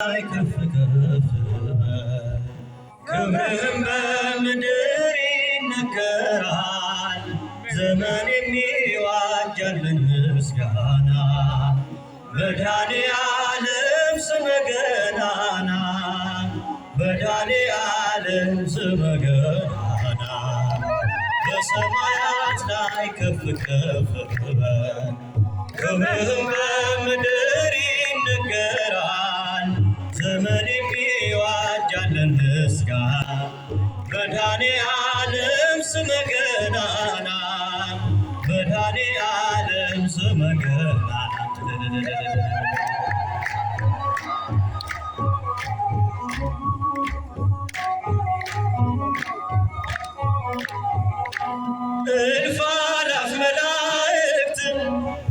ከፍ ከፍ ክብርህም በምድር ይነገራል። ዘመን የሚዋጃል ምስጋና መድኃኔዓለም ስም ገናና መድኃኔዓለም ስም ገናና በሰማያት ላይ ከፍ ከፍ በል ያለን ምስጋና መድኃኔዓለም ስመ ገናና መድኃኔዓለም ስመ ገናና መላእክት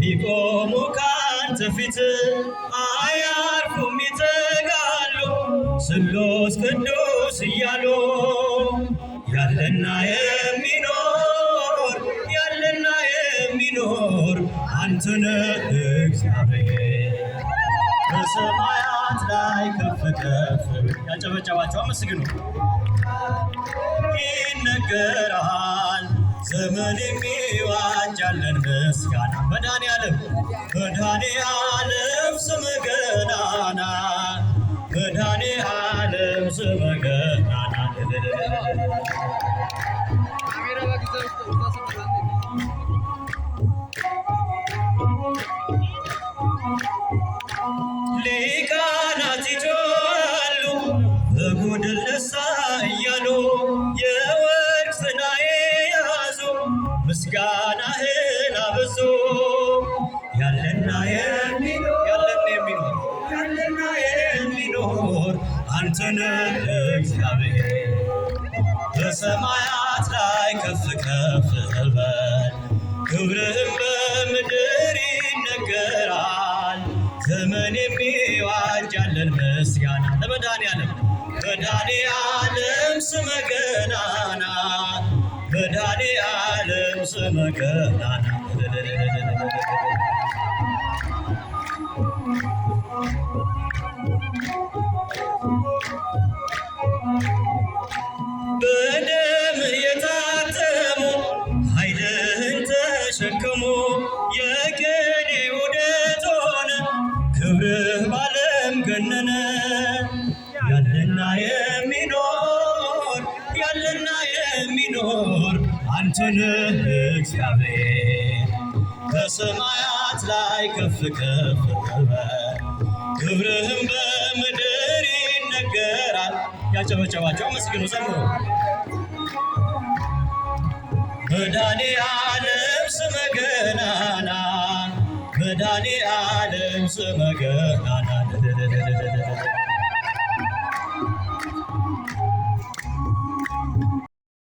ቢቆሙ ካንተ ፊት አያርፉም ይተጋሉ ስሎ ቅዱስ ቅዱስ እያሉ ያለና የሚኖር ያለና የሚኖር አንተነ እግዚአብሔር በሰማያት ላይ ከፍ ከፍ ያጨበጨባቸው አመስግኑ። ይነገራል ዘመን የሚዋጅ ያለን ምስጋና መድኃኔ ዓለም መድኃኔ ሊቃናት ይጮሃሉ እያሉ የወርቅ ጽና የያዙ ምስጋናህን የሚኖር አንተን እግዚአብሔር በሰማያት ላይ ከፍ ከፍ በል ክብርህም በምድር ይነገራል። ዘመን የሚዋጃለን ምስጋና ለመድኃኔዓለም መድኃኔዓለም ስመ ገናና መድኃኔዓለም ስመ ገናና ክብርህ ባለም ገነነ ያለና የሚኖር ያለና የሚኖር እግዚአብሔር ከሰማያት ላይ ከፍ ከፍ ክብርህም በምድር ይነገራል። ያጨበጨባቸው መስግኑ ዘምሮ መድኃኔዓለም ስመ ገናና ገናና